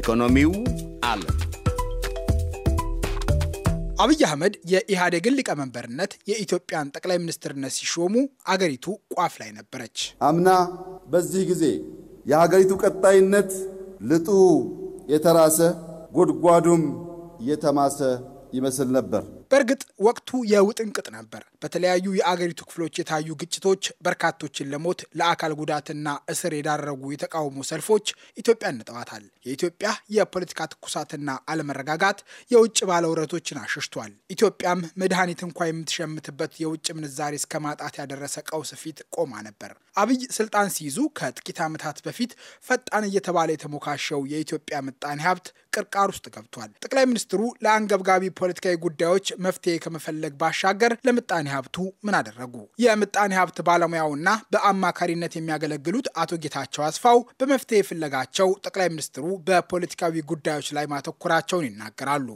ኢኮኖሚው አለ። አብይ አህመድ የኢህአዴግን ሊቀመንበርነት የኢትዮጵያን ጠቅላይ ሚኒስትርነት ሲሾሙ አገሪቱ ቋፍ ላይ ነበረች። አምና በዚህ ጊዜ የሀገሪቱ ቀጣይነት ልጡ የተራሰ ጎድጓዱም የተማሰ ይመስል ነበር። በእርግጥ ወቅቱ የውጥንቅጥ ነበር። በተለያዩ የአገሪቱ ክፍሎች የታዩ ግጭቶች በርካቶችን ለሞት ለአካል ጉዳትና እስር የዳረጉ የተቃውሞ ሰልፎች ኢትዮጵያን ንጠዋታል። የኢትዮጵያ የፖለቲካ ትኩሳትና አለመረጋጋት የውጭ ባለውረቶችን አሸሽቷል። ኢትዮጵያም መድኃኒት እንኳ የምትሸምትበት የውጭ ምንዛሬ እስከ ማጣት ያደረሰ ቀውስ ፊት ቆማ ነበር። አብይ ስልጣን ሲይዙ ከጥቂት ዓመታት በፊት ፈጣን እየተባለ የተሞካሸው የኢትዮጵያ ምጣኔ ሀብት ቅርቃር ውስጥ ገብቷል። ጠቅላይ ሚኒስትሩ ለአንገብጋቢ ፖለቲካዊ ጉዳዮች መፍትሄ ከመፈለግ ባሻገር ለምጣኔ ሀብቱ ምን አደረጉ? የምጣኔ ሀብት ባለሙያውና በአማካሪነት የሚያገለግሉት አቶ ጌታቸው አስፋው በመፍትሄ ፍለጋቸው ጠቅላይ ሚኒስትሩ በፖለቲካዊ ጉዳዮች ላይ ማተኮራቸውን ይናገራሉ።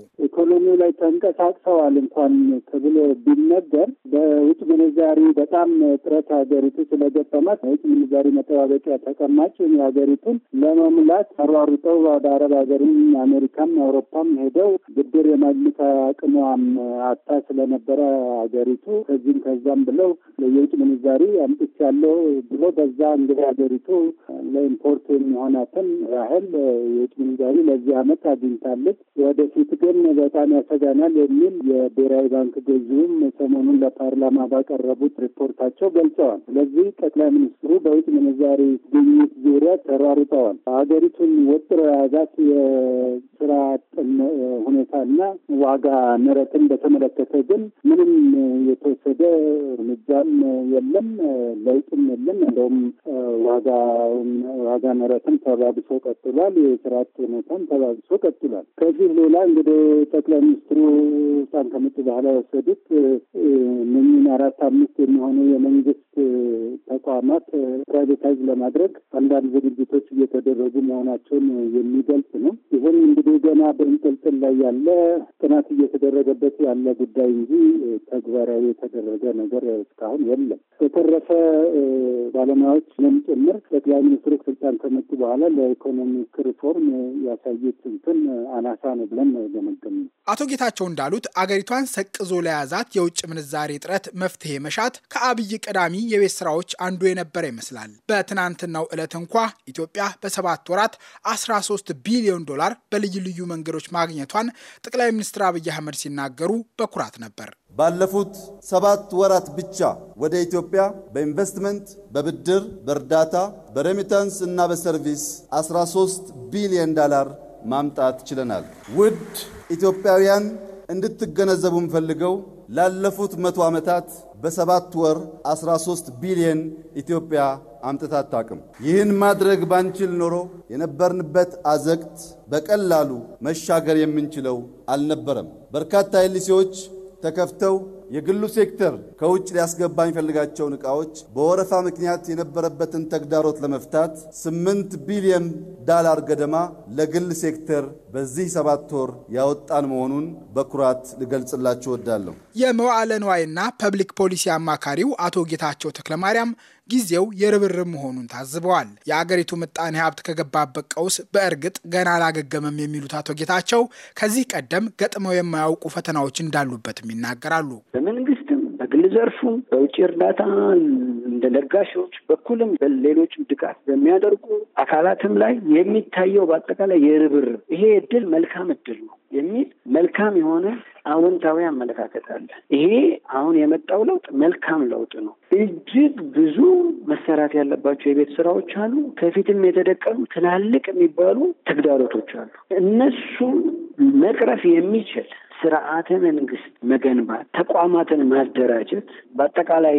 ኢኮኖሚው ላይ ተንቀሳቅሰዋል እንኳን ተብሎ ቢነገር በውጭ ምንዛሪ በጣም ጥረት ሀገሪቱ ስለገጠማት ውጭ ምንዛሪ መጠባበቂያ ተቀማጭ ሀገሪቱን ለመሙላት አሯሩጠው ወደ አረብ ሀገርም አሜሪካም አውሮፓም ሄደው ብድር የማግኘት አቅሟም አታ ስለነበረ ሀገሪቱ ከዚህም ከዛም ብለው የውጭ ምንዛሪ አምጥቼ ያለው ብሎ በዛ እንግዲህ ሀገሪቱ ለኢምፖርት የሚሆናትን ያህል የውጭ ምንዛሪ ለዚህ አመት አግኝታለች። ወደፊት ግን በጣም ሽፋን ያሰጋናል የሚል የብሔራዊ ባንክ ገዢውም ሰሞኑን ለፓርላማ ባቀረቡት ሪፖርታቸው ገልጸዋል። ስለዚህ ጠቅላይ ሚኒስትሩ በውጭ ምንዛሪ ግኝት ዙሪያ ተሯሩጠዋል። ሀገሪቱን ወጥሮ የያዛት ሁኔታና ዋጋ ንረትን በተመለከተ ግን ምንም የተወሰደ እርምጃም የለም፣ ለውጥም የለም። እንደውም ዋጋ ንረትም ተባብሶ ቀጥሏል። የስርዓት ሁኔታም ተባብሶ ቀጥሏል። ከዚህ ሌላ እንግዲህ ጠቅላይ ሚኒስትሩ ስልጣን ከመጡ በኋላ የወሰዱት እነኝን አራት አምስት የሚሆኑ የመንግስት ተቋማት ፕራይቬታይዝ ለማድረግ አንዳንድ ዝግጅቶች እየተደረጉ መሆናቸውን የሚገልጽ ነው። ይህም እንግዲህ ገና በእንጥልጥል ላይ ያለ ጥናት እየተደረገበት ያለ ጉዳይ እንጂ ተግባራዊ የተደረገ ነገር እስካሁን የለም። በተረፈ ባለሙያዎች ንም ጭምር ጠቅላይ ሚኒስትሩ ስልጣን ከመጡ በኋላ ለኢኮኖሚክ ሪፎርም ያሳዩት እንትን አናሳ ነው ብለን ገመገም አቶ ጌታቸው እንዳሉት አገሪቷን ሰቅዞ ለያዛት የውጭ ምንዛሬ እጥረት መፍትሄ መሻት ከአብይ ቀዳሚ የቤት ስራዎች አንዱ አንዱ የነበረ ይመስላል። በትናንትናው ዕለት እንኳ ኢትዮጵያ በሰባት ወራት 13 ቢሊዮን ዶላር በልዩ ልዩ መንገዶች ማግኘቷን ጠቅላይ ሚኒስትር አብይ አህመድ ሲናገሩ በኩራት ነበር። ባለፉት ሰባት ወራት ብቻ ወደ ኢትዮጵያ በኢንቨስትመንት፣ በብድር፣ በእርዳታ፣ በሬሚታንስ እና በሰርቪስ 13 ቢሊዮን ዶላር ማምጣት ችለናል። ውድ ኢትዮጵያውያን እንድትገነዘቡ የምፈልገው ላለፉት መቶ ዓመታት በሰባት ወር 13 ቢሊየን ኢትዮጵያ አምጥታ አታውቅም። ይህን ማድረግ ባንችል ኖሮ የነበርንበት አዘቅት በቀላሉ መሻገር የምንችለው አልነበረም። በርካታ ኤልሲዎች ተከፍተው የግሉ ሴክተር ከውጭ ሊያስገባ የሚፈልጋቸውን እቃዎች በወረፋ ምክንያት የነበረበትን ተግዳሮት ለመፍታት 8 ቢሊዮን ዳላር ገደማ ለግል ሴክተር በዚህ ሰባት ወር ያወጣን መሆኑን በኩራት ልገልጽላችሁ እወዳለሁ። የመዋለ ንዋይና ፐብሊክ ፖሊሲ አማካሪው አቶ ጌታቸው ተክለማርያም ጊዜው የርብርብ መሆኑን ታዝበዋል። የአገሪቱ ምጣኔ ሀብት ከገባበት ቀውስ በእርግጥ ገና አላገገመም የሚሉት አቶ ጌታቸው ከዚህ ቀደም ገጥመው የማያውቁ ፈተናዎች እንዳሉበትም ይናገራሉ። በምን ዘርፉም በውጭ እርዳታ እንደ ለጋሾች በኩልም በሌሎችም ድጋፍ በሚያደርጉ አካላትም ላይ የሚታየው በአጠቃላይ የርብርብ ይሄ እድል መልካም እድል ነው የሚል መልካም የሆነ አዎንታዊ አመለካከት አለ። ይሄ አሁን የመጣው ለውጥ መልካም ለውጥ ነው። እጅግ ብዙ መሰራት ያለባቸው የቤት ስራዎች አሉ። ከፊትም የተደቀኑ ትላልቅ የሚባሉ ተግዳሮቶች አሉ። እነሱም መቅረፍ የሚችል ስርዓተ መንግስት መገንባት፣ ተቋማትን ማደራጀት፣ በአጠቃላይ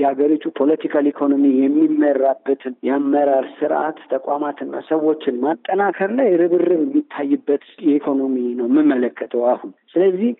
የሀገሪቱ ፖለቲካል ኢኮኖሚ የሚመራበትን የአመራር ስርዓት ተቋማትና ሰዎችን ማጠናከር ላይ ርብርብ የሚታይበት የኢኮኖሚ ነው የምመለከተው አሁን። ስለዚህ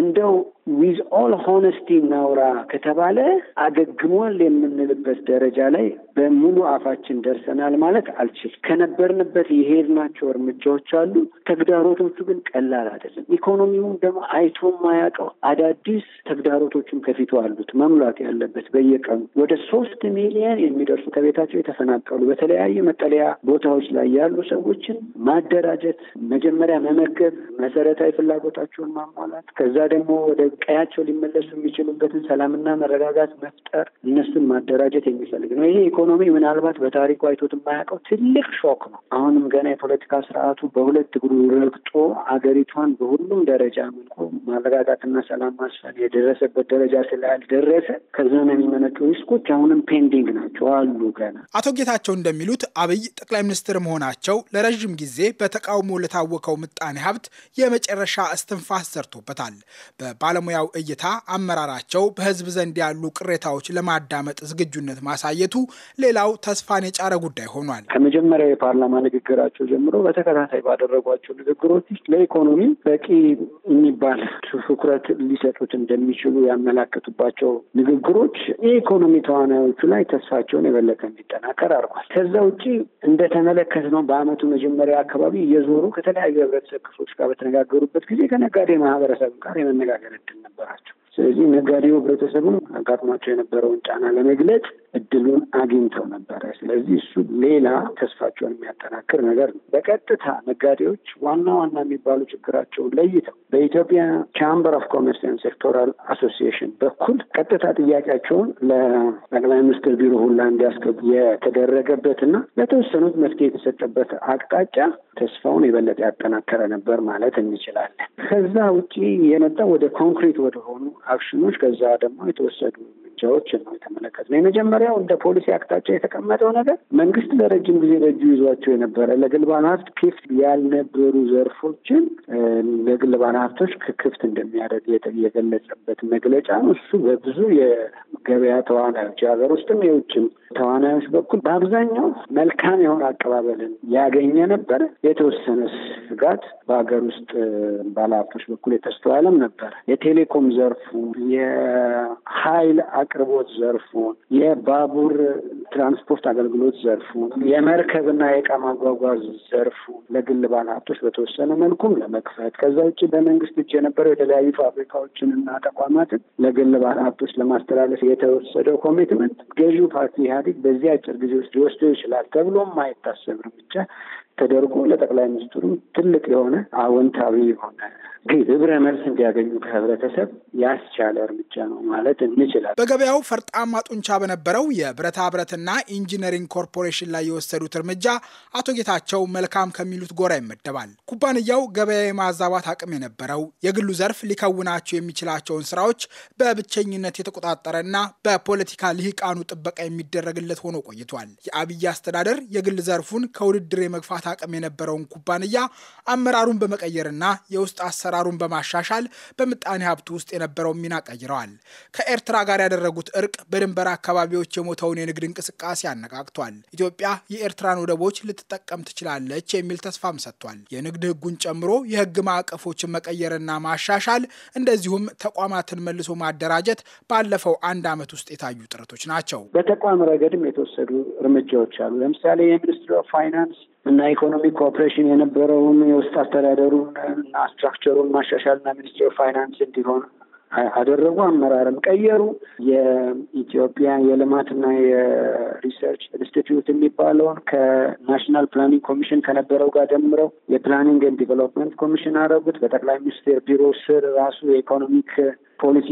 እንደው ዊዝ ኦል ሆነስቲ እናውራ ከተባለ አገግሟል የምንልበት ደረጃ ላይ በሙሉ አፋችን ደርሰናል ማለት አልችል። ከነበርንበት የሄድናቸው እርምጃዎች አሉ። ተግዳሮቶቹ ግን ቀላል አይደለም። ኢኮኖሚውም ደግሞ አይቶ የማያውቀው አዳዲስ ተግዳሮቶችም ከፊቱ አሉት። መሙላት ያለበት በየቀኑ ወደ ሶስት ሚሊየን የሚደርሱ ከቤታቸው የተፈናቀሉ በተለያዩ መጠለያ ቦታዎች ላይ ያሉ ሰዎችን ማደራጀት፣ መጀመሪያ መመገብ፣ መሰረታዊ ፍላጎታቸውን ማሟላት ከዛ ደግሞ ወደ ቀያቸው ሊመለሱ የሚችሉበትን ሰላምና መረጋጋት መፍጠር እነሱን ማደራጀት የሚፈልግ ነው። ይሄ ኢኮኖሚ ምናልባት በታሪኩ አይቶት የማያውቀው ትልቅ ሾክ ነው። አሁንም ገና የፖለቲካ ስርዓቱ በሁለት እግሩ ረግጦ አገሪቷን በሁሉም ደረጃ መልኩ ማረጋጋትና ሰላም ማስፈን የደረሰበት ደረጃ ስላልደረሰ ከዘመን የሚመነጩ ሪስኮች አሁንም ፔንዲንግ ናቸው አሉ ገና። አቶ ጌታቸው እንደሚሉት አብይ ጠቅላይ ሚኒስትር መሆናቸው ለረዥም ጊዜ በተቃውሞ ለታወቀው ምጣኔ ሀብት የመጨረሻ እስትንፋስ ዘርቶበታል። በባለ ባለሙያው እይታ አመራራቸው በህዝብ ዘንድ ያሉ ቅሬታዎች ለማዳመጥ ዝግጁነት ማሳየቱ ሌላው ተስፋን የጫረ ጉዳይ ሆኗል። ከመጀመሪያ የፓርላማ ንግግራቸው ጀምሮ በተከታታይ ባደረጓቸው ንግግሮች ውስጥ ለኢኮኖሚ በቂ የሚባል ትኩረት ሊሰጡት እንደሚችሉ ያመላከቱባቸው ንግግሮች የኢኮኖሚ ተዋናዮቹ ላይ ተስፋቸውን የበለጠ እንዲጠናከር አድርጓል። ከዛ ውጭ እንደተመለከትነው በዓመቱ መጀመሪያ አካባቢ እየዞሩ ከተለያዩ የህብረተሰብ ክፍሎች ጋር በተነጋገሩበት ጊዜ ከነጋዴ ማህበረሰብ ጋር የመነጋገር እድል እንትን ነበራቸው። ስለዚህ ነጋዴው ህብረተሰቡ አጋጥሟቸው የነበረውን ጫና ለመግለጽ እድሉን አግኝተው ነበረ። ስለዚህ እሱ ሌላ ተስፋቸውን የሚያጠናክር ነገር ነው። በቀጥታ ነጋዴዎች ዋና ዋና የሚባሉ ችግራቸውን ለይተው በኢትዮጵያ ቻምበር ኦፍ ኮመርስ ኤንድ ሴክቶራል አሶሲዬሽን በኩል ቀጥታ ጥያቄያቸውን ለጠቅላይ ሚኒስትር ቢሮ ሁላ እንዲያስገቡ የተደረገበትና ለተወሰኑት መፍትሄ የተሰጠበት አቅጣጫ ተስፋውን የበለጠ ያጠናከረ ነበር ማለት እንችላለን። ከዛ ውጪ የመጣ ወደ ኮንክሪት ወደሆኑ አክሽኖች ከዛ ደግሞ የተወሰዱ እርምጃዎች ነው የተመለከት ነው። የመጀመሪያው እንደ ፖሊሲ አቅጣጫ የተቀመጠው ነገር መንግስት ለረጅም ጊዜ በእጁ ይዟቸው የነበረ ለግል ባለ ሀብት ክፍት ያልነበሩ ዘርፎችን ለግል ባለ ሀብቶች ክፍት እንደሚያደርግ የገለጸበት መግለጫ ነው። እሱ በብዙ የገበያ ተዋናዮች የሀገር ውስጥም የውጭም ተዋናዮች በኩል በአብዛኛው መልካም የሆነ አቀባበልን ያገኘ ነበር። የተወሰነ ስጋት በሀገር ውስጥ ባለሀብቶች በኩል የተስተዋለም ነበር። የቴሌኮም ዘርፉን፣ የኃይል አቅርቦት ዘርፉን፣ የባቡር ትራንስፖርት አገልግሎት ዘርፉን፣ የመርከብና የእቃ ማጓጓዝ ዘርፉን ለግል ባለሀብቶች በተወሰነ መልኩም ለመክፈት ከዛ ውጭ በመንግስት እጅ የነበረው የተለያዩ ፋብሪካዎችንና ተቋማትን ለግል ባለሀብቶች ለማስተላለፍ የተወሰደው ኮሚትመንት ገዢው ፓርቲ ኢህአዴግ በዚህ አጭር ጊዜ ውስጥ ሊወስደው ይችላል ተብሎም የማይታሰብ ብቻ ተደርጎ ለጠቅላይ ሚኒስትሩ ትልቅ የሆነ አዎንታዊ የሆነ ግብረ መልስ እንዲያገኙ ከህብረተሰብ ያስቻለ እርምጃ ነው ማለት እንችላል። በገበያው ፈርጣማ ጡንቻ በነበረው የብረታ ብረትና ኢንጂነሪንግ ኮርፖሬሽን ላይ የወሰዱት እርምጃ አቶ ጌታቸው መልካም ከሚሉት ጎራ ይመደባል። ኩባንያው ገበያ የማዛባት አቅም የነበረው የግሉ ዘርፍ ሊከውናቸው የሚችላቸውን ስራዎች በብቸኝነት የተቆጣጠረና በፖለቲካ ልሂቃኑ ጥበቃ የሚደረግለት ሆኖ ቆይቷል። የአብይ አስተዳደር የግል ዘርፉን ከውድድር የመግፋት አቅም የነበረውን ኩባንያ አመራሩን በመቀየርና የውስጥ አሰራ አሰራሩን በማሻሻል በምጣኔ ሀብቱ ውስጥ የነበረውን ሚና ቀይረዋል። ከኤርትራ ጋር ያደረጉት እርቅ በድንበር አካባቢዎች የሞተውን የንግድ እንቅስቃሴ አነቃቅቷል። ኢትዮጵያ የኤርትራን ወደቦች ልትጠቀም ትችላለች የሚል ተስፋም ሰጥቷል። የንግድ ህጉን ጨምሮ የህግ ማዕቀፎችን መቀየርና ማሻሻል እንደዚሁም ተቋማትን መልሶ ማደራጀት ባለፈው አንድ ዓመት ውስጥ የታዩ ጥረቶች ናቸው። በተቋም ረገድም የተወሰዱ እርምጃዎች አሉ። ለምሳሌ የሚኒስትሪ ኦፍ ፋይናንስ እና ኢኮኖሚ ኮኦፕሬሽን የነበረውን የውስጥ አስተዳደሩን እና ስትራክቸሩን ማሻሻልና ሚኒስትሪ ኦፍ ፋይናንስ እንዲሆን አደረጉ። አመራርም ቀየሩ። የኢትዮጵያ የልማትና የሪሰርች ኢንስቲትዩት የሚባለውን ከናሽናል ፕላኒንግ ኮሚሽን ከነበረው ጋር ደምረው የፕላኒንግ ኤንድ ዲቨሎፕመንት ኮሚሽን አደረጉት። በጠቅላይ ሚኒስቴር ቢሮ ስር ራሱ የኢኮኖሚክ ፖሊሲ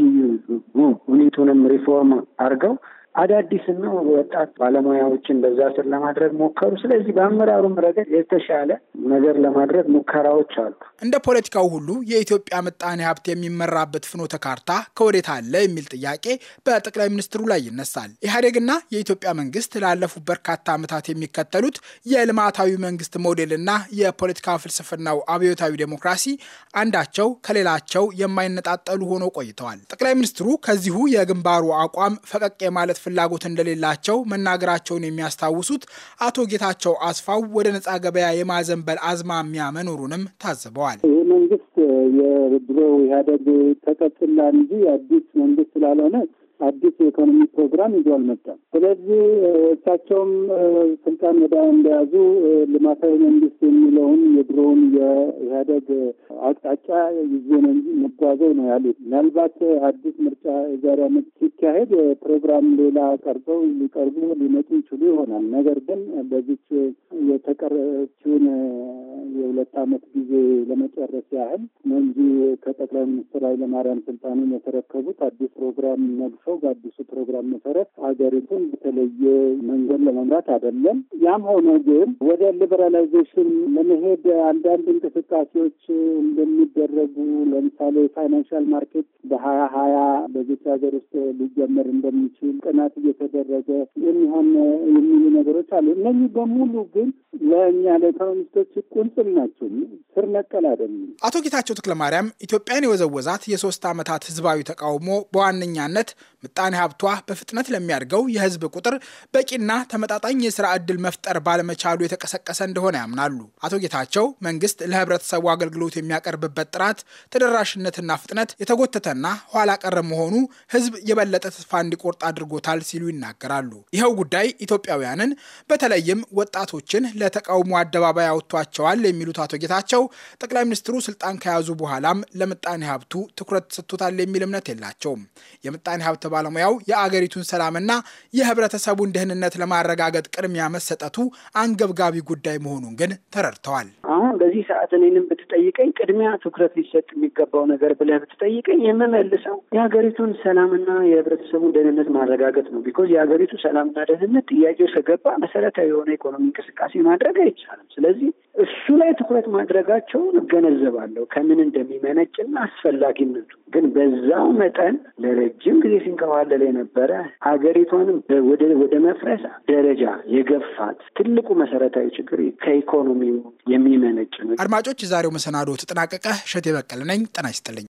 ዩኒቱንም ሪፎርም አድርገው አዳዲስና ወጣት ባለሙያዎችን በዛ ስር ለማድረግ ሞከሩ። ስለዚህ በአመራሩም ረገድ የተሻለ ነገር ለማድረግ ሙከራዎች አሉ። እንደ ፖለቲካው ሁሉ የኢትዮጵያ ምጣኔ ሀብት የሚመራበት ፍኖተ ካርታ ከወዴት አለ የሚል ጥያቄ በጠቅላይ ሚኒስትሩ ላይ ይነሳል። ኢህአዴግና የኢትዮጵያ መንግስት ላለፉት በርካታ ዓመታት የሚከተሉት የልማታዊ መንግስት ሞዴልና የፖለቲካ ፍልስፍናው አብዮታዊ ዴሞክራሲ አንዳቸው ከሌላቸው የማይነጣጠሉ ሆኖ ቆይተዋል። ጠቅላይ ሚኒስትሩ ከዚሁ የግንባሩ አቋም ፈቀቅ የማለት ፍላጎት እንደሌላቸው መናገራቸውን የሚያስታውሱት አቶ ጌታቸው አስፋው ወደ ነጻ ገበያ የማዘን የመንበል አዝማሚያ መኖሩንም ታዝበዋል። ይህ መንግስት የድሮ ኢህአዴግ ተቀጥላ እንጂ አዲስ መንግስት ስላልሆነ አዲስ የኢኮኖሚ ፕሮግራም ይዞ አልመጣም። ስለዚህ እሳቸውም ስልጣን ወደ እንደያዙ ልማታዊ መንግስት የሚለውን የድሮውን የኢህአደግ አቅጣጫ ይዞ እንጂ መጓዘው ነው ያሉት። ምናልባት አዲስ ምርጫ የዛሬ ዓመት ሲካሄድ ፕሮግራም ሌላ ቀርጸው ሊቀርቡ ሊመጡ ይችሉ ይሆናል። ነገር ግን በዚች የተቀረችውን የሁለት ዓመት ጊዜ ለመጨረስ ያህል ነው እንጂ ከጠቅላይ ሚኒስትር ኃይለማርያም ስልጣኑን የተረከቡት አዲስ ፕሮግራም ነግሰው በአዲሱ ፕሮግራም መሰረት ሀገሪቱን በተለየ መንገድ ለመምራት አይደለም። ያም ሆነ ግን ወደ ሊበራላይዜሽን ለመሄድ አንዳንድ እንቅስቃሴዎች እንደሚደረጉ ለምሳሌ ፋይናንሻል ማርኬት በሀያ ሀያ በዚች ሀገር ውስጥ ሊጀመር እንደሚችል ጥናት እየተደረገ የሚሆን የሚሉ ነገሮች አሉ። እነዚህ በሙሉ ግን ለእኛ ለኢኮኖሚስቶች ቁንጽ ውስን ናቸው። ስር ነቀል አይደሉም። አቶ ጌታቸው ተክለ ማርያም ኢትዮጵያን የወዘወዛት የሶስት ዓመታት ህዝባዊ ተቃውሞ በዋነኛነት ምጣኔ ሀብቷ በፍጥነት ለሚያድገው የህዝብ ቁጥር በቂና ተመጣጣኝ የስራ ዕድል መፍጠር ባለመቻሉ የተቀሰቀሰ እንደሆነ ያምናሉ። አቶ ጌታቸው መንግስት ለህብረተሰቡ አገልግሎት የሚያቀርብበት ጥራት፣ ተደራሽነትና ፍጥነት የተጎተተና ኋላ ቀረ መሆኑ ህዝብ የበለጠ ተስፋ እንዲቆርጥ አድርጎታል ሲሉ ይናገራሉ። ይኸው ጉዳይ ኢትዮጵያውያንን በተለይም ወጣቶችን ለተቃውሞ አደባባይ አውጥቷቸዋል የሚሉት አቶ ጌታቸው ጠቅላይ ሚኒስትሩ ስልጣን ከያዙ በኋላም ለምጣኔ ሀብቱ ትኩረት ሰቶታል የሚል እምነት የላቸውም። የምጣኔ ሀብት ባለሙያው የአገሪቱን ሰላምና የህብረተሰቡን ደህንነት ለማረጋገጥ ቅድሚያ መሰጠቱ አንገብጋቢ ጉዳይ መሆኑን ግን ተረድተዋል። አሁን በዚህ ሰዓት እኔንም ብትጠይቀኝ ቅድሚያ ትኩረት ሊሰጥ የሚገባው ነገር ብለህ ብትጠይቀኝ የምመልሰው የሀገሪቱን ሰላምና የህብረተሰቡን ደህንነት ማረጋገጥ ነው። ቢኮዝ የሀገሪቱ ሰላምና ደህንነት ጥያቄ ከገባ መሰረታዊ የሆነ ኢኮኖሚ እንቅስቃሴ ማድረግ አይቻልም። ስለዚህ እሱ ላይ ትኩረት ማድረጋቸውን እገነዘባለሁ ከምን እንደሚመነጭና አስፈላጊነቱ ግን በዛው መጠን ለረጅም ጊዜ ሲንከባለል የነበረ ሀገሪቷንም ወደ መፍረስ ደረጃ የገፋት ትልቁ መሰረታዊ ችግር ከኢኮኖሚው የሚመነጭ ነው። አድማጮች፣ የዛሬው መሰናዶ ተጠናቀቀ። እሸቴ በቀለ ነኝ። ጤና ይስጥልኝ።